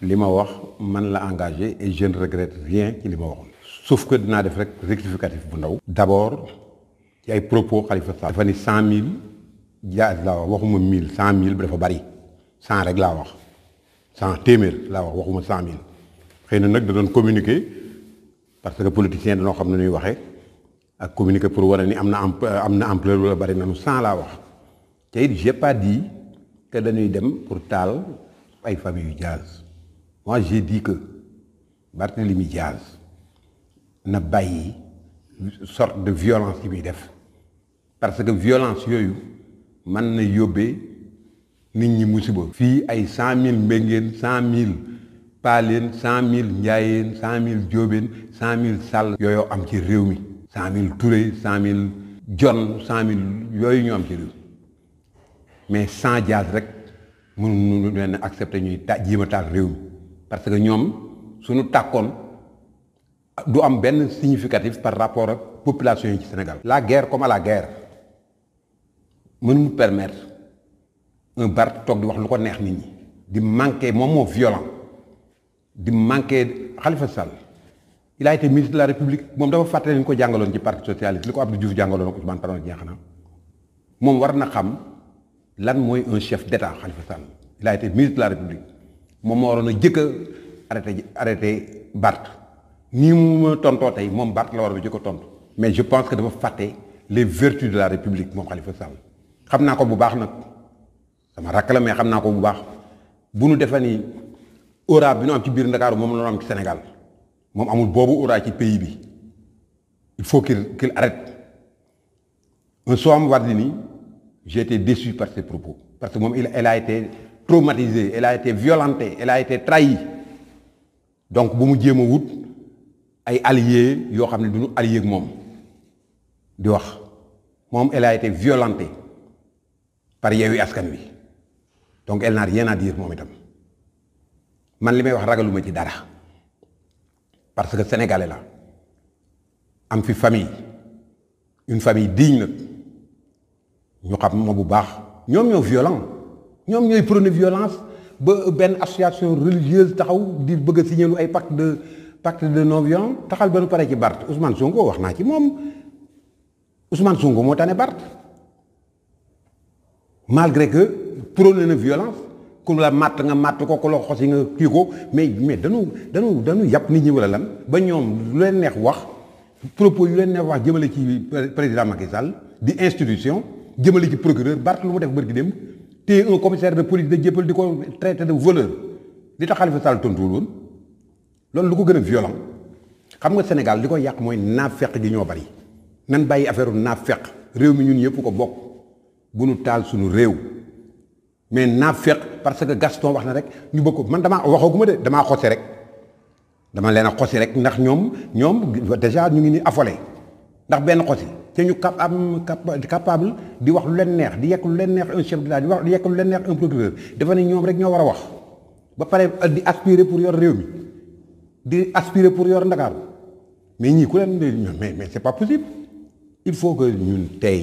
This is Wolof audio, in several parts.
li ma wax man la engage et je ne regrette rien ci li ma waxoon sauf que dinaa def rek rectificatif bu ndaw d'abord ci ay propos Khalifa Sall dafa ni cent mille jaas laa wax waxuma mille cent mille bi dafa bari cent rek laa wax cent téeméer laa wax waxuma cent mille xëy na nag da doon communiquer parce que politicien dañoo xam ne ñuy waxee ak communiquer pour wane ni am na am na ampleur wala bari nanu cent laa wax te it di te dit dañuy dem pour taal ay famille yu jaas moi j'ai dit que Barthélemy Diaz na bàyyi sorte de violence yi muy def parce que violence yooyu man na yóbbee nit ñi musiba fii ay cent mille mbéngeen cent mille paaleen cent mille njaayeen cent mille jóobeen cent mille sàll yooyu am ci réew mi cent mille Touré cent mille John cent mille yooyu ñu am ci réew mais sans Diaz rek mu nu leen accepter ñuy ta jéem a taal réew mi parce que ñoom suñu tàkkoon du am benn significatif par rapport ak population yi ci Sénégal. la guerre comme à la guerre mënuñu permettre un bar toog di wax lu ko neex nit ñi di manquer moom moo violent di manquer Khalifa Sall il a été ministre de la République moom dafa fàtte li ñu ko jàngaloon ci parti socialiste li ko Abdou Diouf jàngaloon ak Ousmane Tanor Dieng xanaa moom war na xam lan mooy un chef d'État Khalifa Sall il a ministre de la République. moom moo waroon a jëkk a arrêté arrêté Barth nii mu ma tontoo tey moom Barth la war a jëkk tontu mais je pense que dafa fàtte les vertus de la république moom Khalifa Sall xam naa ko bu baax nag sama rakk la mais xam naa ko bu baax bu nu defee ni aura bi nu am ci biir Ndakaaru moom la am ci Sénégal moom amul boobu oraa ci pays bi il faut qu'il qu'il arrête un Soham Wardini j'ai été déçu par ses propos parce que moom il a été traumatisée elle a été violentée elle a donc bu mu jéem a wut ay alliés yoo xam ne du ñu allié moom di wax moom elle a été violentée par Yewwi Askan Wi donc elle n'a rien à moom itam man li may wax ragaluma ci dara parce que sénégalais la am fi famille une famille digne nag ñu xam ma bu baax ñoom ñoo violent ñoom ñooy prone violence ba benn association religieuse taxaw di bëgg a signé ay pacte de pacte de non violence taxal ba nu pare ci Bart Ousmane Sonko wax naa ci moom Ousmane Sonko moo tane Bart malgré que prôné ne violence ku la matt nga matt ko ku la yi nga kii ko mais mais dañu dañu dañu yàpp nit ñi wala lan ba ñoom lu leen neex wax propos yu leen neex wax jëmale ci président Macky Sall di institution jëmale ci procureur Bart lu mu def bërki dem téye un commissaire de police de jéppal di ko traité de voleur li tax Khalifa Sall tontuwul woon loolu lu ko gën a violent xam nga Sénégal li ko yàq mooy naafeq gi ñoo bari nan bàyyi affaire naafeq réew mi ñun yëpp ko bokk bu nu taal suñu réew mais naafeq parce que Gaston wax na rek ñu bëgg ko man damaa waxaguma de damaa xose rek dama leen a xosi rek ndax ñoom ñoom déjà ñu ngi ni afole ndax benn xosi te ñu cap am capable di wax lu leen neex di yekk lu leen neex un chef yekk lu leen neex un procureur dafa ne ñoom rek ñoo war a wax ba pare euh, di aspirer pour yor réew mi di aspirer pour yor Ndakaaru mais ñii ku leen mais mais c'est pas possible il faut que ñun tey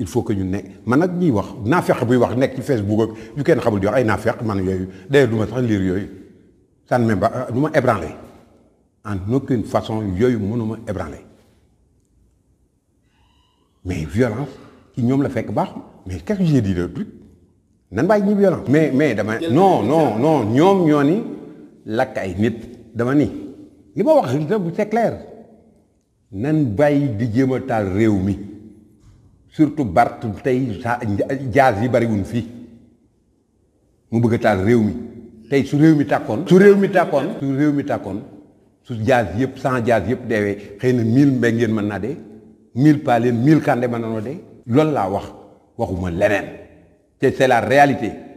il faut que ñun ne man nag ñuy wax naafeq buy wax nekk ci Facebook ak yu kenn xamul di wax ay naafeq man yooyu d'ailleurs duma ma sax lire yooyu ça ne même euh, pas du ma ébranlé en aucune façon yooyu mënuma ébranlé mais violence ci ñoom la fekk baaxul mais qu'est-ce que j'ai dit le truc bàyyi ñu violence. mais mais dama non non non ñoom ñoo ni lakk ay nit dama ni li ma wax bu clair nan bàyyi di jéem a taal réew mi surtout Bart tey jaas yi bariwuñ fii mu bëgg a taal réew mi tey su réew mi tàkkoon. su réew mi tàkkoon. su réew mi tàkkoon su jaas yëpp sans jaas yëpp deewee xëy na mil mbéy ngeen mën naa de mille paale mille kande ma nanoo de loolu laa wax waxuma leneen te c'est la réalité